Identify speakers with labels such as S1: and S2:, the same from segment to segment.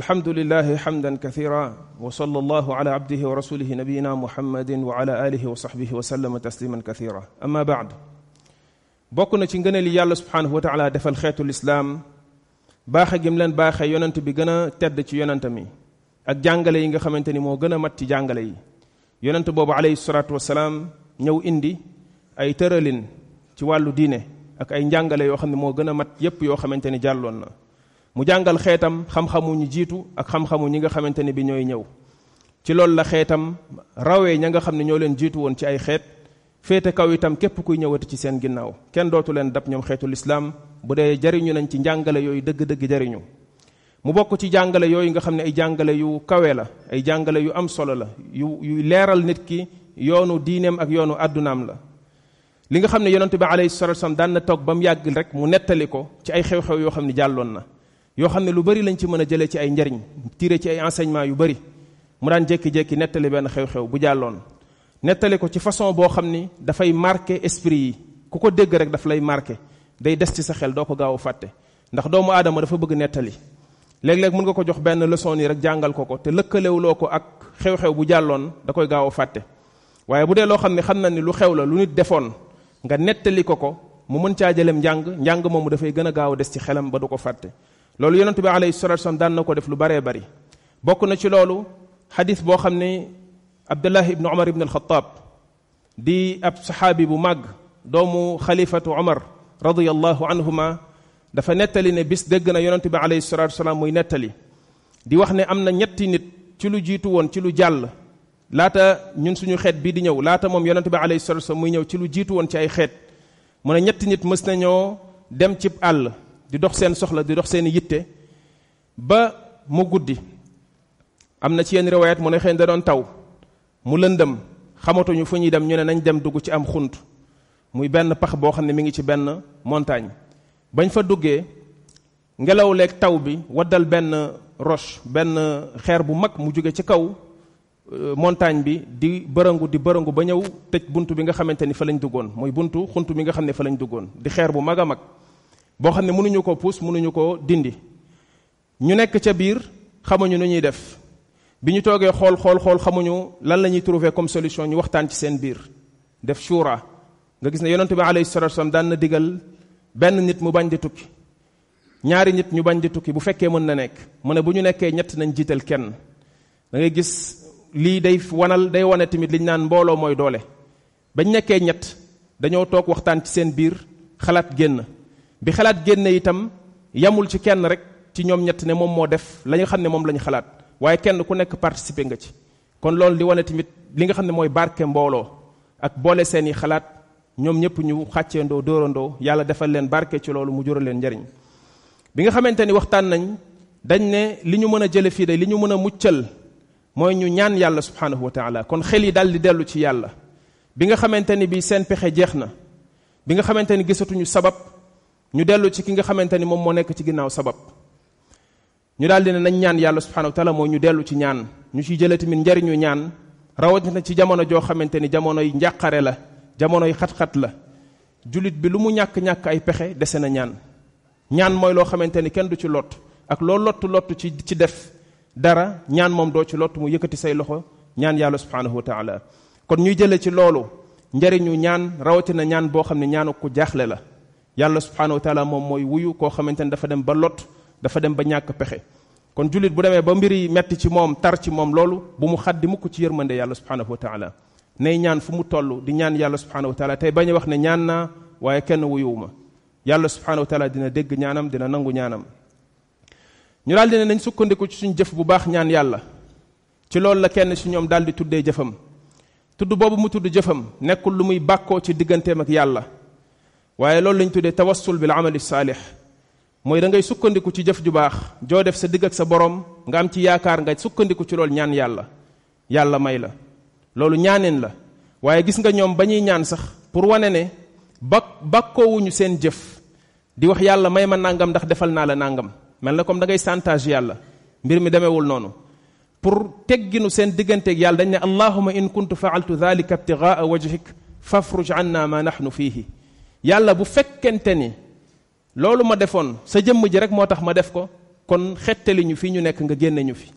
S1: الحمد لله حمدا كثيرا وصلى الله على عبده ورسوله نبينا محمد وعلى اله وصحبه وسلم تسليما كثيرا اما بعد بوكنا سي غنالي يالله سبحانه وتعالى دفل خيط الاسلام باخا جيم لن باخا يوننت بي غنا تيد سي يوننت مي اك جانغالاي ييغا خامتاني مو غنا مات سي جانغالاي يوننت بوب عليه الصلاه والسلام نيو اندي اي تيرالين سي والو دينه اك اي جانغالاي يو خامني مو غنا مات ييب يو خامتاني جالون mu jàngal xetam xam-xamu ñu jitu ak xam-xamu ñi nga xamanteni bi ñoy ñëw ci lool la xetam rawé ña nga xamni ñoo leen jitu won ci ay xet fete kaw itam kep kuy ñëwati ci seen ginnaw ken dootu leen dab ñom xetul islam bu dé jariñu nañ ci jangalé yoy deug deug jariñu mu bokku ci jàngale yoy nga xamni ay jàngale yu kawe la ay jàngale yu am solo la yu yu leeral nit ki yoonu diinem ak yoonu addunaam la li nga xamni yonnate bi alayhi salatu wasalam dan tok bam yàgg rek mu nettali ko ci ay xew-xew yo xamni jallon na yoo xam ne lu bari lañ ci mën a jëlee ci ay njariñ tiré ci ay enseignement yu bari mu daan jékki-jékki nettali benn xew-xew bu jàlloon nettali ko ci façon boo xam ni dafay marqué esprit yi ku ko dégg rek daf lay marqué day des ci sa xel doo ko gaaw fàtte ndax doomu aadama dafa bëgg nettali léeg-léeg mën nga ko jox benn leçon yi rek jàngal ko ko te lëkkalewuloo ko ak xew-xew bu jàlloon da koy gaaw a fàtte waaye bu dee loo xam ne xam na ni lu xew la lu nit defoon nga nettali ko ko mu mën caa jëlem njàng njàng moomu dafay gën a gaaw a des ci xelam ba du ko fàtte loolu yonent bi alayhi salatu wasallam daan na ko def lu bare bari bokk na ci loolu hadith boo xam ne abdullah ibn umar ibn alxataab di ab sahabi bu mag doomu khalifatu umar radiyallahu anhuma dafa nettali ne bis dégg na yonent bi alayhi salatu wasalam muy nettali di wax ne am na ñetti nit ci lu jiitu woon ci lu jàll laata ñun suñu xeet bi di ñëw laata moom yonent bi alayhi salatu wasalam muy ñëw ci lu jiitu woon ci ay xeet mu ne ñetti nit mës ñoo dem ci àll di dox seen soxla di dox seen yitte ba mu guddi am na ci yenn riwaayat mu ne xëy da doon taw mu lëndëm xamatuñu fu ñuy dem ñu ne nañ dem dugg ci am xunt muy benn pax boo xam ne mi ngi ci benn montagne bañ fa duggee ngelaw leeg taw bi waddal benn roche benn xeer bu mag mu jóge ci kaw euh, montagne bi di bërëngu di bërëngu ba ñëw tëj bunt bi nga xamante ni fa lañ duggoon mooy buntu xunt bi nga xam ne fa lañ duggoon di xeer bu mag a mag bo xamne ne mënuñu ko pous mënuñu ko dindi ñu nekk ca biir xamuñu nu ñuy def biñu ñu xol xol xol xamuñu lan lañuy trouver comme solution ñu waxtaan ci seen biir def shura nga gis ne yonnate bi alayhi salatu wasallam daan na digal ben nit mu bañ di tukki ñaari nit ñu bañ di tukki bu fekke mën na nekk mu ne buñu nekké nekkee ñett nañ jiital kenn da ngay gis li day wanal day wane timit liñ naan mbolo moy doole bañ nekké ñett dañoo tok waxtaan ci seen biir xalaat génn bi xalaat génne itam yamul ci kenn rek ci ñoom ñett ne moom moo def la ñu xam ne moom la ñu xalaat waaye kenn ku nekk participer nga ci kon loolu di wane tamit li nga xam ne mooy barke mbooloo ak boole seen i xalaat ñoom ñëpp ñu xàcceendoo dóorandoo yàlla defal leen barke ci loolu mu jural leen njariñ bi nga xamante ni waxtaan nañ dañ ne li ñu mën a jële fii de li ñu mën a muccal mooy ñu ñaan yàlla subhanahu wa taala kon xel yi dal di dellu ci yàlla bi nga xamante ni bi seen pexe jeex na bi nga xamante ni gisatuñu sabab ñu dellu ci ki nga xamante ni moom moo nekk ci ginnaaw sabab ñu daal di ne nañ ñaan yàlla subhanahu wa taala ñu dellu ci ñaan ñu ciy jëlee tamit njariñu ñaan rawatina ci jamono joo xamante ni jamonoy njàqare la jamonoy xat-xat la jullit bi lu mu ñàkk-ñàkk ay pexe dese na ñaan ñaan mooy loo xamante ni kenn du ci lott ak loo lottu lottu ci ci def dara ñaan moom doo ci lott mu yëkkati say loxo ñaan yàlla subhanahu wa taala kon ñuy jëlee ci loolu njariñu ñaan rawatina ñaan boo xam ne ñaanu ku jaaxle la yàlla subhanahu wa taala mom moy wuyu ko xamantene dafa dem ba lot dafa dem ba ñak pexe kon julit bu démé ba mbiri metti ci mom tar ci mom lolu bu mu xaddi ko ci yërmande yàlla subhanahu wa taala nay ñaan fu mu tollu di ñaan yàlla subhanahu wa taala tay bañ wax ne ñaan na waye kenn wuyuuma yàlla subhanahu wa taala dina dégg ñaanam dina nangu ñaanam ñu dal dina nañ sukkandiku ci suñu jëf bu baax ñaan yàlla ci loolu la kenn ci ñom dal di tuddé jëfam tuddu bobu mu tuddu jëfam nekul lu muy bàkkoo ci digganteem ak yàlla waaye loolu lañ tuddee tawassul bil amali saalix mooy da ngay sukkandiku ci jëf ju baax joo def sa digg ak sa borom nga am ci yaakaar nga sukkandiku ci loolu ñaan yàlla yàlla may la loolu ñaaneen la waaye gis nga ñoom ba ñuy ñaan sax pour wane ne bak wuñu seen jëf di wax yàlla may ma nangam ndax defal naa la nangam mel na comme da ngay santage yàlla mbir mi demewul noonu pour tegginu seen digganteeg yàlla dañ ne allahuma in kuntu faaltu dhalika ibtigaa wajhik fafruj anna ma nahnu fihi yàlla bu fekkente ni loolu ma defoon sa jëmm ji rek moo tax ma def ko kon xettali ñu fi ñu nekk nga génne ñu fi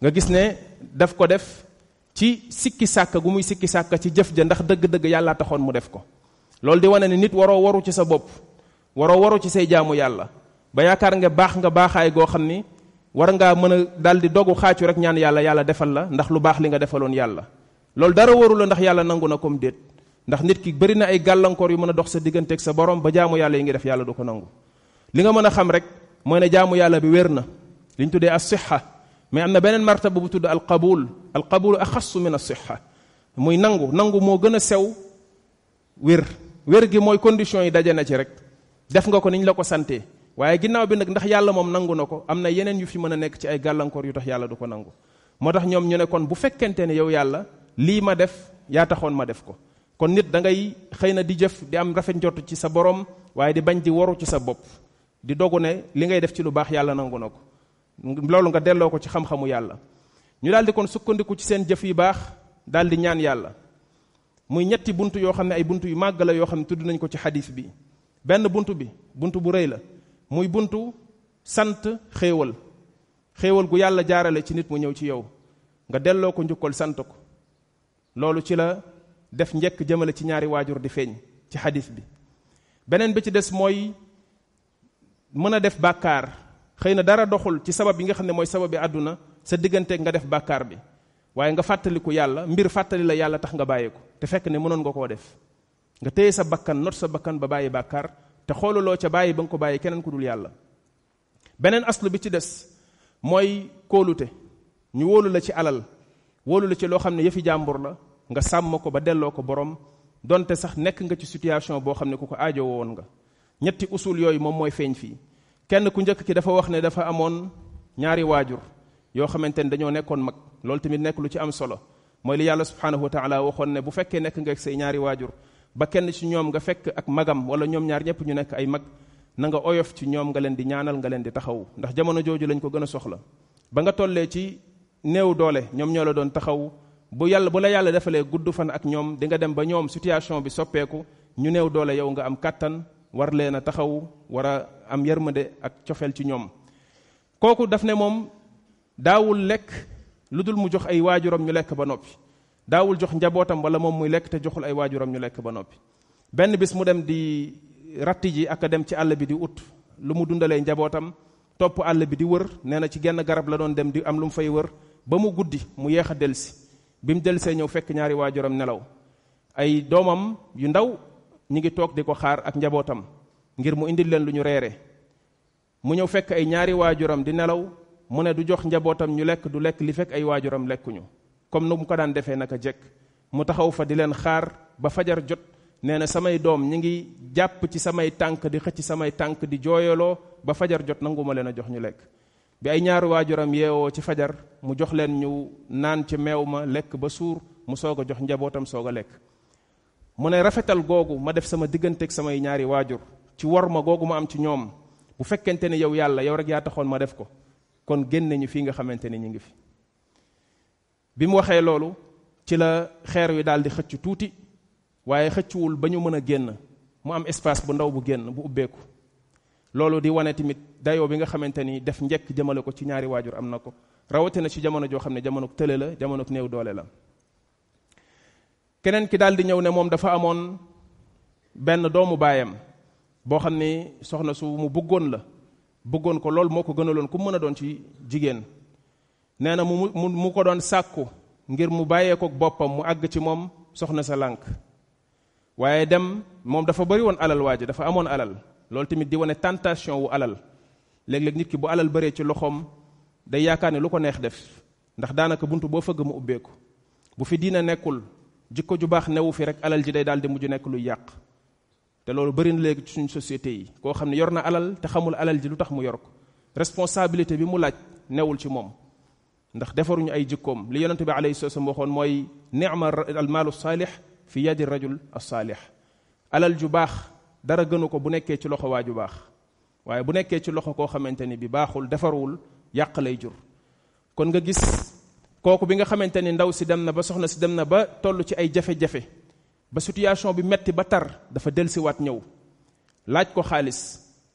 S1: nga gis ne daf ko def ci sikki sàkk gu muy sikki sàkk ci jëf ja ndax dëgg-dëgg yàllaa taxoon mu def ko loolu di wane ne nit waroo waru ci sa bopp waroo waru ci say jaamu yàlla ba yaakaar nga baax nga baaxaay goo xam ni war ngaa mën a daal di dogu xaacu rek ñaan yàlla yàlla defal la ndax lu baax li nga defaloon yàlla loolu dara waru la ndax yàlla nangu na comme déet ndax nit ki bari na ay galankor yu mën a dox sa digganteeg sa borom ba jaamu yàlla yi ngi def yàlla du ko nangu li nga mën a xam rek mooy ne jaamu yàlla bi wér na li ñu tuddee asixa mais am na beneen martaba bu tudd alqabul alqabulu axassu min asixa muy nangu nangu moo gën a sew wér wér gi mooy condition yi daje na ci rek def nga ko niñ la ko sante waaye ginnaaw bi nag ndax yàlla moom nangu na ko am na yeneen yu fi mën a nekk ci ay gàllankoor yu tax yàlla du ko nangu moo tax ñoom ñu ne kon bu fekkente ne yow yàlla lii ma def yaa taxoon ma def ko kon nit dangay xëy na di jëf di am rafet njort ci sa borom waaye di bañ di waru ci sa bopp di dogu ne li ngay def ci lu baax yàlla nangu na ko loolu nga delloo ko ci xam-xamu yàlla ñu daal di kon sukkandiku ci seen jëf yu baax daal di ñaan yàlla muy ñetti bunt yoo xam ne ay bunt yu màgg la yoo xam ne tudd nañ ko ci xadis bi benn bunt bi bunt bu rëy la muy buntu sant xéewal xéewal gu yàlla jaarale ci nit mu ñëw ci yow nga delloo ko njukkal sant ko loolu def njëkk jëmale ci ñaari waajur di feeñ ci xadis bi beneen bi ci des mooy mën a def bàkkaar xëy na dara doxul ci sabab yi nga xam ne mooy sabab bi àdduna sa digganteeg nga def bàkkaar bi waaye nga fàttali fàttaliku yàlla mbir fàttali la yàlla tax nga bàyyi ko te fekk ne mënoon nga koo def nga téye sa bakkan not sa bakkan ba bàyyi bàkkaar te xooluloo ca bàyyi ba nga ko bàyyi keneen ku dul yàlla beneen aslu bi ci des mooy kóolute ñu wóolu la ci alal wóolu la ci loo xam ne yëfi jàmbur la nga sàmm ko ba delloo ko borom donte sax nekk nga ci situation boo xam ne ku ko aajo woon nga ñetti usul yooyu moom mooy feeñ fii kenn ku njëkk ki dafa wax ne dafa amoon ñaari waajur yoo xamante ne dañoo nekkoon mag loolu tamit nekk lu ci am solo mooy li yàlla subhanahu wa taala waxoon ne bu fekkee nekk nga ak say ñaari waajur ba kenn ci ñoom nga fekk ak magam wala ñoom ñaari ñëpp ñu nekk ay mag na nga oyof ci ñoom nga leen di ñaanal nga leen di taxawu ndax jamono jooju lañ ko gën a soxla ba nga tollee ci néew doole ñoom ñoo la doon taxaw bu yàlla bu la yàlla defalee gudd fan ak ñoom di nga dem ba ñoom situation bi soppeeku ñu néew doole yow nga am kàttan war leen a taxaw war a am yërmande ak cofeel ci ñoom kooku daf ne moom daawul lekk lu dul mu jox ay waajuram ñu lekk ba noppi daawul jox njabootam wala moom muy lekk te joxul ay waajuram ñu lekk ba noppi benn bis mu dem di ratti ji ak a dem ci àll bi di ut lu mu dundalee njabootam topp àll bi di wër nee na ci genn garab la doon dem di am lu mu fay wër ba mu guddi mu yeex a delsi bi mu delsee ñëw fekk ñaari waajuram nelaw ay doomam yu ndaw ñi ngi toog di ko xaar ak njabootam ngir mu indil leen lu ñu reere mu ñëw fekk ay ñaari waajuram di nelaw mu ne du jox njabootam ñu lekk du lekk li fekk ay waajuram lekkuñu comme nu mu ko daan defee naka jekk mu taxaw fa di leen xaar ba fajar jot nee na samay doom ñi ngi jàpp ci samay tànk di xëcc samay tànk di jooyaloo ba fajar jot nangu ma leen a jox ñu lekk bi ay ñaari waajuram yeewoo ci fajar mu jox leen ñu naan ci meew ma lekk ba suur mu soog a jox njabootam soog a lekk mu ne rafetal googu ma def sama digganteek ak samay ñaari waajur ci war ma googu ma am ci ñoom bu fekkente ne yow yàlla yow rek yaa taxoon ma def ko kon génne ñu fii nga xamante ne ñu ngi fi bi mu waxee loolu ci la xeer wi daal di xëcc tuuti waaye xëccuwul ba ñu mën a génn mu am espace bu ndaw bu génn bu ubbeeku loolu di wane tamit dayoo bi nga xamante ni def njëkk jëmale ko ci ñaari waajur am na ko rawatina ci jamono joo xam ne jamono tële la jamono néew doole la keneen ki daal di ñëw ne moom dafa amoon benn doomu baayam boo xam ni soxna su mu bëggoon la bëggoon ko loolu moo ko gënaloon ku mën a doon ci jigéen nee na mu mu mu ko doon sàkku ngir mu bàyyee ko boppam mu àgg ci moom soxna sa lànk waaye dem moom dafa bari woon alal waaj dafa amoon alal loolu tamit di wone tentation wu alal léeg-léeg nit ki bu alal bëree ci loxom day yaakaar ne lu ko neex def ndax daanaka buntu boo fëgg mu ubbeeku bu fi diina nekkul jikko ju baax newu fi rek alal ji day daal di mujj nekk luy yàq te loolu bëri na léegi ci suñu société yi koo xam ne yor na alal te xamul alal ji lu tax mu yor ko responsabilité bi mu laaj newul ci moom ndax defaruñu ay jikkoom li yonente bi alayhi salaam waxoon mooy nicma almaalu salih fi yadi rajul as salih alal ju baax dara gënu ko bu nekkee ci loxo waaju baax waaye bu nekkee ci loxo koo xamante ni bi baaxul defarul yàq lay jur kon nga gis kooku bi nga xamante ni ndaw si dem na ba soxna si dem na ba toll ci ay jafe-jafe ba situation bi metti ba tar dafa del si waat ñëw laaj ko xaalis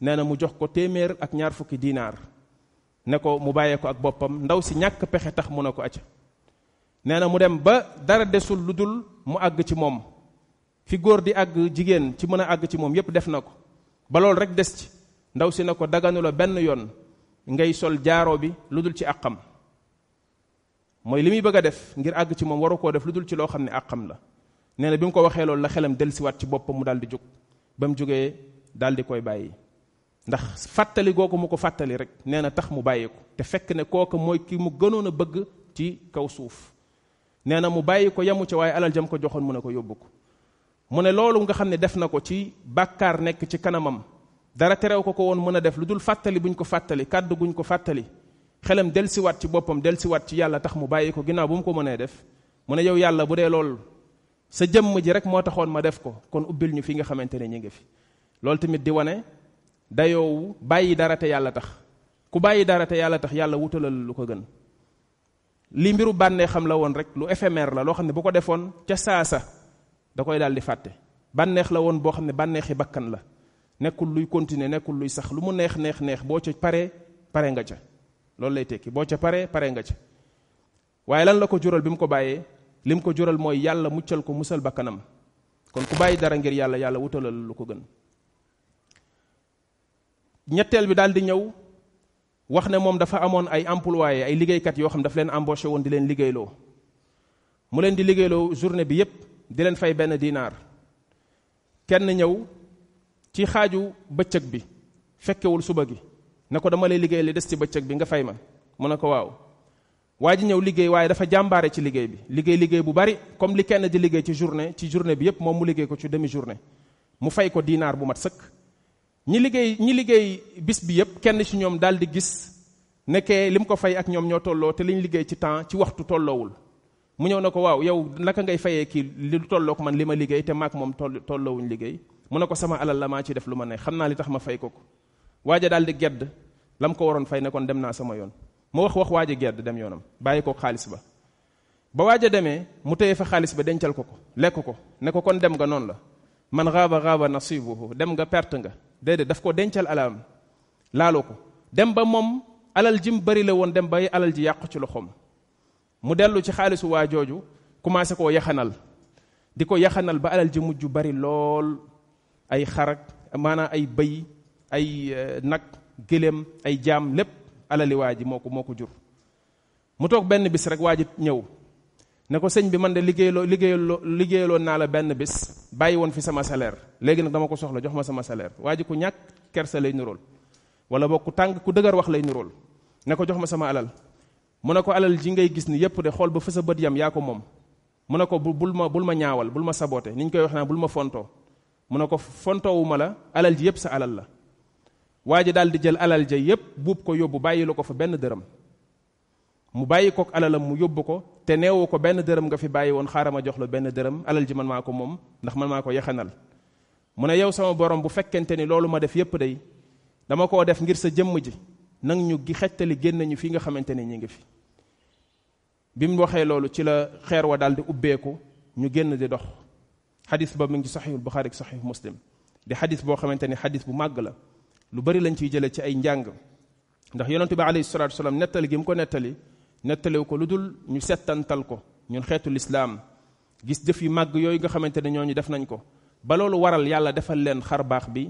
S1: nee na mu jox ko téeméer ak ñaar fukki dinaar ne ko mu bàyyee ko ak boppam ndaw si ñàkk pexe tax mu ne ko acca nee na mu dem ba dara desul lu dul mu àgg ci moom fi góor di àgg jigéen ci mën a àgg ci moom yépp def na ko ba loolu rek des ci ndaw si na ko daganu la benn yoon ngay sol jaaro bi lu dul ci àqam mooy li muy bëgg a def ngir àgg ci moom waru koo def lu dul ci loo xam ne àqam la nee na bi mu ko waxee loolu la xelam delsiwaat ci boppam mu daal di jóg ba mu daal di koy bàyyi ndax fàttali googu mu ko fàttali rek nee na tax mu bàyyi ko te fekk ne kooka mooy ki mu gënoon a bëgg ci kaw suuf nee na mu bàyyi ko yamu ci waaye alal jam ko joxoon mu ne ko yóbbu ko mu ne loolu nga xam ne def na ko ci bàkkaar nekk ci kanamam dara terew ko ko woon mën a def lu dul fàttali buñ ko fàttali kàddu guñ ko fàttali xelam delsiwaat ci boppam siwaat ci yàlla tax mu bàyyi ko ginaaw bu mu ko mënee def mu ne yow yàlla bu dee loolu sa jëmm ji rek moo taxoon ma def ko kon ubbil ñu fi nga xamante ne ñu ngi fi loolu tamit di wane dayoowu bàyyi dara te yàlla tax ku bàyyi dara te yàlla tax yàlla wutalal lu ko gën li mbiru bànnee xam la woon rek lu éphémère la loo xam ne bu ko defoon ca saasa da koy daal di fàtte bànneex la woon boo xam ne bànneexi bakkan la nekkul luy continuer nekkul luy sax lu mu neex neex neex boo ca paree paree nga ca loolu lay tekki boo ca paree pare nga ca waaye lan la ko jural bi mu ko bàyyee li mu ko jural mooy yàlla muccal ko musal bakkanam kon ku bàyyi dara ngir yàlla yàlla wutalal lu ko gën ñetteel bi daal di ñëw wax ne moom dafa amoon ay employé ay liggéeykat yoo xam daf leen embauché woon di leen liggéeyloo mu leen di liggéeyloo journée bi yépp di leen fay benn dinaar kenn ñëw ci xaaju bëccëg bi fekkewul suba gi ne ko dama lay liggéey li des ci bëccëg bi nga fay ma mu ne ko waaw waa ji ñëw liggéey waaye dafa jàmbaare ci liggéey bi liggéey liggéey bu bari comme li kenn di liggéey ci journée ci journée bi yépp moom mu liggéey ko ci demi journée mu fay ko dinaar bu mat sëkk ñi liggéey ñi liggéey bis bi yépp kenn ci ñoom daal di gis nekkee mu ko fay ak ñoom ñoo tolloo te liñ liggéey ci temps ci waxtu tolloowul mu ñëw ne ko waaw yow naka ngay fayee kii li lu tollook man li ma liggéey te maak moom toll tolloowuñ liggéey mu ne ko sama alal la maa ci def lu ma ne xam naa li tax ma fay ko ko waaja daal di gedd la mu ko waroon fay ne kon dem naa sama yoon mu wax wax waaja gedd dem yoonam bàyyi ko xaalis ba ba waaja demee mu téye fa xaalis ba dencal ko ko lekk ko ne ko kon dem nga noonu la man raaba raaba nasibuhu dem nga perte nga déedéet daf ko dencal am laaloo ko dem ba moom alal ji mu bari la woon dem ba alal ji yàqu ci loxoom mu dellu ci xaalisu waa jooju commencé koo yaxanal di ko yaxanal ba alal ji mujj bari lool ay xarak maanaa ay bëy ay eh, nag gëléem ay jaam lépp alali waa ji moo ko moo ko jur mu toog benn bis rek waa ji ñëw ne ko sëñ bi man de liggéeyloo liggéeyloo liggéeyaloon naa la benn bis bàyyi woon fi sama salaire léegi nag dama ko soxla jox ma sama salaire waa ji ku ñàkk kersa lay nurool wala boog ku tàng ku dëgër wax lay nurool ne ko jox ma sama alal mu ne ko alal ji ngay gis ni yépp de xool ba fa sa bët yam yaa ko moom mu ne ko bul ma bul ma ñaawal bul ma sabote niñ koy wax naa bul ma fontoo mu ne ko fontoowuma la alal ji yépp sa alal la waa ji daal di jël alal ja yépp buub ko yóbbu bàyyi lu ko fa benn dërëm mu bàyyi kook alalam mu yóbbu ko te neewu ko benn dërëm nga fi bàyyi woon xaarama jox la benn dërëm alal ji man maa ko moom ndax man maa ko yaxanal mu ne yow sama borom bu fekkente ni loolu ma def yépp day dama koo def ngir sa jëmm ji nang ñu gi xettali génn ñu fi nga xamante ne ñi ngi fi bi mu waxee loolu ci la xeer wa daal di ubbeeku ñu génn di dox xadis ba mi ngi ci saxiihul buxaari ak saxiih muslim di xadis boo xamante ne xadis bu màgg la lu bari lañ ciy jëlee ci ay njàng ndax yonente bi alayhi salatu wasalam nettali gi mu ko nettali nettaliw ko lu dul ñu settantal ko ñun xeetu lislaam gis jëf yu màgg yooyu nga xamante ne ñooñu def nañ ko ba loolu waral yàlla defal leen xar baax bi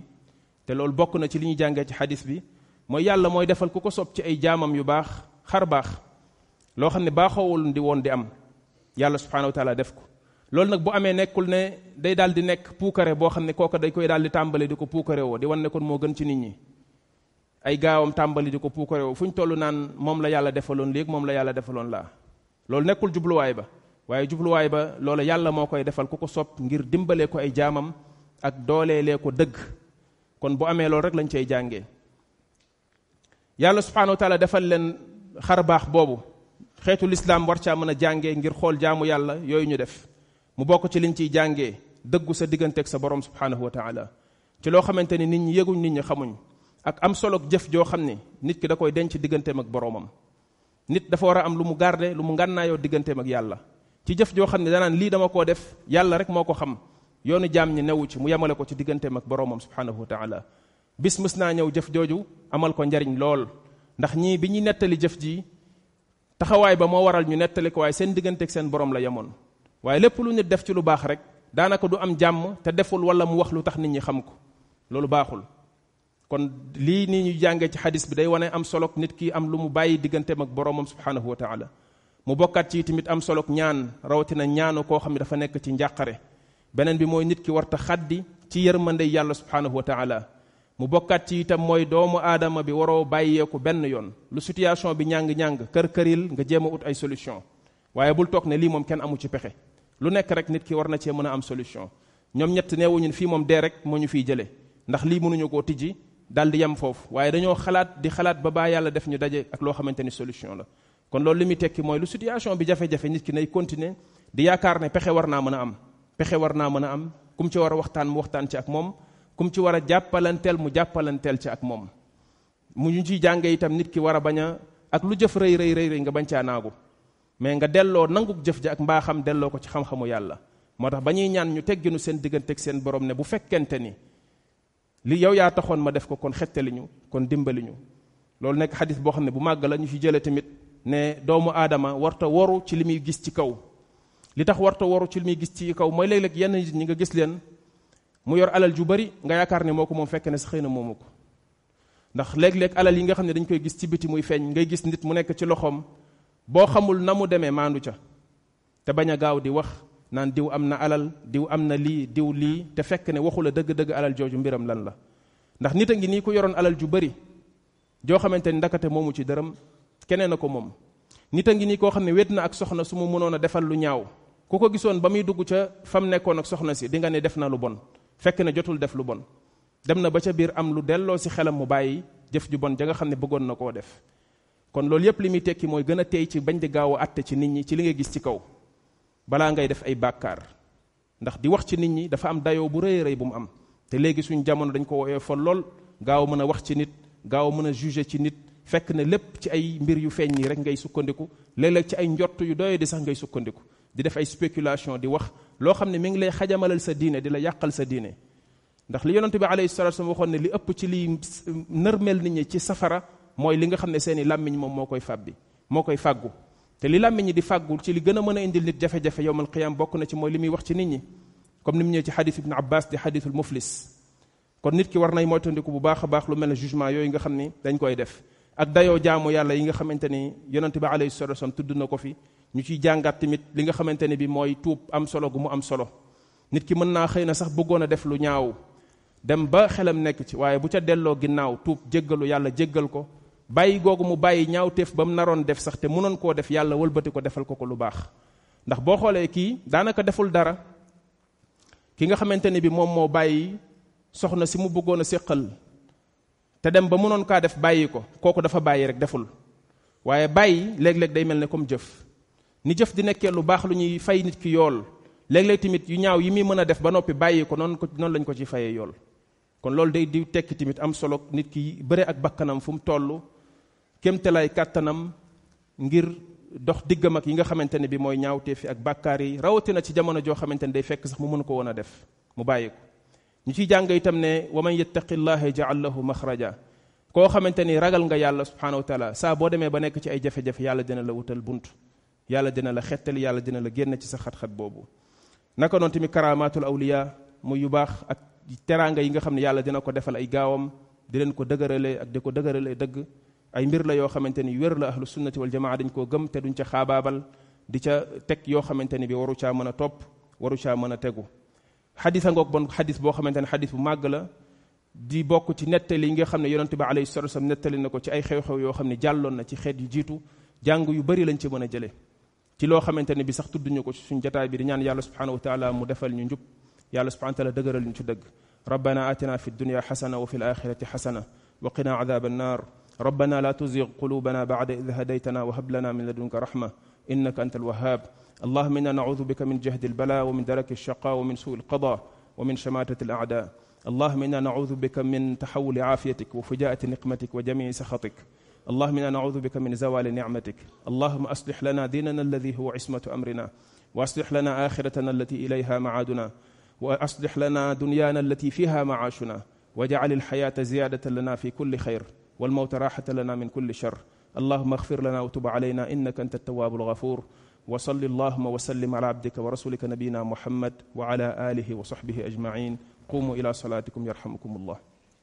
S1: te loolu bokk na ci li ñu jàngee ci xadis bi mooy yàlla mooy defal ku ko sob ci ay jaamam yu baax xar baax loo xam ne baaxoowul di woon di am yàlla subhaanahu wa taala def ko loolu nag bu amee nekkul ne day daal di nekk puukare boo xam ne kooka day koy daal di tàmbali di ko puukare woo di wan ne kon moo gën ci nit ñi ay gaawam tàmbali di ko puukare fu ñu toll naan moom la yàlla defaloon léeg moom la yàlla defaloon laa loolu nekkul jubluwaay ba waaye jubluwaay ba lool yàlla moo koy defal ku ko sopp ngir dimbalee ko ay jaamam ak dooleelee ko dëgg kon boo amee loolu rek lañ cay jàngee yàlla subhanahu wa taala defal leen xar baax boobu xeetu lislaam war caa mën a jàngee ngir xool jaamu yàlla yooyu ñu def mu bokk ci liñ ciy jàngee dëggu sa digganteeg sa borom subhanahu wa taala ci loo xamante ni nit ñi yëguñ nit ñi xamuñ ak am solo jëf joo xam ni nit ki da koy denc digganteem ak boromam nit dafa war a am lu mu garde lu mu ngànnaayoo digganteem ak yàlla ci jëf joo xam ne danaan lii dama koo def yàlla rek moo ko xam yoonu jaam ñi newu ci mu yamale ko ci digganteem ak boromam subhanahu wa taala bis mës naa ñëw jëf jooju amal ko njariñ lool ndax ñii bi ñuy nettali jëf ji taxawaay ba moo waral ñu nettali ko waaye seen digganteek seen borom la yemoon waaye lépp lu nit def ci lu baax rek daanaka du am jàmm te deful wala mu wax lu tax nit ñi xam ko loolu baaxul kon lii nii ñu jàngee ci xadis bi day wane am solok nit ki am lu mu bàyyi digganteem ak boromam subhanahu wa taala mu bokkaat ci tamit am solok ñaan rawatina ñaanu koo xam ne dafa nekk ci njàqare beneen bi mooy nit ki warta xaddi ci yërmande yàlla subhanahu wa taala mu bokkat ci itam mooy doomu aadama bi waroo bàyyeeku benn yoon lu situation bi ñàng-ñàng kër-këril nga jéem a ut ay solution waaye bul toog ne lii moom kenn amu ci pexe lu nekk rek nit ki war na cee am solution ñoom ñett neewuñu fii moom dee rek moo ñu fiy jëlee ndax lii mënuñu koo tijji dal di yem foofu waaye dañoo xalaat di xalaat ba baa yàlla def ñu daje ak loo xamante solution la kon loolu li muy tekki mooy lu situation bi jafe-jafe nit ki nay continuer di yaakaar ne pexe war naa am pexe war naa am kum ci war a waxtaan mu waxtaan ci ak moom kum ci war a jàppalanteel mu jàppalanteel ci ak moom mu ñu ciy jànge itam nit ki war a bañ a ak lu jëf rëy rëy rëy nga bañ caa naagu mais nga delloo nangu jëf ja ak mbaaxam delloo ko ci xam-xamu yàlla moo tax ba ñuy ñaan ñu tegginu seen digganteeg seen borom ne bu fekkente ni li yow yaa taxoon ma def ko kon xettali ñu kon dimbali ñu loolu nekk xadis boo xam ne bu màgg la ñu fi jëlee tamit ne doomu aadama warta waru ci li muy gis ci kaw li tax warta waru ci li muy gis ci kaw mooy léeg yenn ñi nga gis leen mu yor alal ju bari nga yaakaar ne moko mom fekk ne xeyna momuko ndax leg leg alal yi nga xamne dañ koy gis ci biti muy feñ ngay gis nit mu nek ci loxom bo xamul namu deme mandu ca te baña gaaw di wax nan diw amna alal diw amna li diw li te fekk ne waxula deug deug alal joju mbiram lan la ndax nit ngi ni ko yoron alal ju bari jo xamanteni ndakate momu ci dërëm keneen nako mom nit ngi ni ko xamne ne na ak soxna sumu mu defal lu ñaaw ku ko gisoon ba muy dugg ca fam nekkoon ak soxna si di nga ne def na lu bon fekk na jotul def lu bon dem na ba ca biir am lu delloo si xelam mu bàyyi jëf ju bon ja nga xam ne bëggoon na koo def kon loolu yépp li muy tekki mooy gën a tey ci bañ di gaaw a ci nit ñi ci li ngay gis ci kaw balaa ngay def ay bàkkaar ndax di wax ci nit ñi dafa am dayoo bu rëy rëy bu mu am te léegi suñu jamono dañu ko woyee fa lool gaaw mën a wax ci nit gaaw a mën a juger ci nit fekk na lépp ci ay mbir yu feeñ nii rek ngay sukkandiku léeg ci ay njott yu doyee di sax ngay sukkandiku di def ay spéculation di wax lo xamne mi ngi lay xajamalal sa diine di la yàqal sa diine ndax li yonente bi alayhi salatu wasallam waxoon ne li ëpp ci li nërmel nit ñi ci safara mooy li nga xam ne seeni làmmiñ moom moo koy fàbbi moo koy fàggu te li làmmiñ di fàggu ci li gën a mën a indil nit jafe-jafe yowmal qiyam bokk na ci mooy li muy wax ci nit ñi comme ni mu ñëwee ci hadith ibn abbas di hadith al muflis kon nit ki war nay moytandiku bu baax a baax lu mel ne jugement yooyu nga xam ni dañ koy def ak dayoo jaamu yàlla yi nga xamante ni yonente bi alayhi salatu wasallam tudd na ko fi ñu ciy jàngat tamit li nga xamante ne bi mooy tuub am solo gu mu am solo nit ki mën naa xëy na sax bëggoon a def lu ñaaw dem ba xelam nekk ci waaye bu ca delloo ginnaaw tuub jéggalu yàlla jéggal ko bàyyi googu mu bàyyi ñaaw teef ba mu naroon def sax te mënoon koo def yàlla wëlbati ko defal ko ko lu baax ndax boo xoolee kii daanaka deful dara ki nga xamante ne bi moom moo bàyyi soxna si mu bëggoon a séqal te dem ba mu noon kaa def bàyyi ko kooku dafa bàyyi rek deful waaye bàyyi léeg-léeg day mel ne comme jëf ni jëf di nekkee lu baax lu ñuy fay nit ki yool léeg-léeg tamit yu ñaaw yi muy mën a def ba noppi bàyyi ko noonu ko noonu lañ ko ci fayee yool kon loolu day di tekki tamit am solo nit ki bëre ak bakkanam fu mu toll kémtelaay kàttanam ngir dox diggam ak yi nga xamante ne bi mooy ñaawtee fi ak bàkkaar yi rawatina ci jamono joo xamante ne day fekk sax mu mën ko woon a def mu bàyyi ko ñu ciy jàng itam ne wa man yattaqi llaha jaal lahu maxraja koo xamante ni ragal nga yàlla subhanahu wa taala saa boo demee ba nekk ci ay jafe-jafe yàlla dina la wutal buntu yàlla dina la xettali yàlla dina la génn ci sa xat-xat boobu naka noonu tamit karaamaatul awliya muy yu baax ak teraanga yi nga xam ne yàlla dina ko defal ay gaawam di leen ko dëgëralee ak di ko dëgëralee dëgg ay mbir la yoo xamante ni wér la ahlu sunnati wal jamaa dañ koo gëm te duñ ca xaabaabal di ca teg yoo xamante ni bi waru caa mën a topp waru caa mën a tegu xadis a bon xadis boo xamante ne xadis bu màgg la di bokk ci nettali yi nga xam ne yonente bi alayhi salatu wasallam nettali na ko ci ay xew-xew yoo xam ne jàlloon na ci xeet yu jiitu jàng yu bari lañ ci mën a jëlee ci loo xamante ne bi sax tudd ñu ko ci suñ jataay bi di ñaan yàlla subhanahu wa taala mu defal ñu njub yàlla subhanahu wa taala dëgëral ñu ci dëgg ربنا آتنا في الدنيا حسنة وفي الآخرة حسنة وقنا عذاب النار ربنا لا تزغ قلوبنا بعد إذ هديتنا وهب لنا من لدنك رحمة إنك أنت الوهاب اللهم إنا نعوذ بك من جهد البلاء ومن درك الشقاء ومن سوء القضاء ومن شماتة الأعداء اللهم إنا نعوذ بك من تحول عافيتك وفجاءة نقمتك وجميع سخطك اللهم انا نعوذ بك من زوال نعمتك اللهم اصلح لنا ديننا الذي هو عصمه امرنا واصلح لنا اخرتنا التي اليها معادنا واصلح لنا دنيانا التي فيها معاشنا واجعل الحياه زياده لنا في كل خير والموت راحه لنا من كل شر اللهم اغفر لنا وتب علينا انك انت التواب الغفور وصل اللهم وسلم على عبدك ورسولك نبينا محمد وعلى اله وصحبه اجمعين قوموا الى صلاتكم يرحمكم الله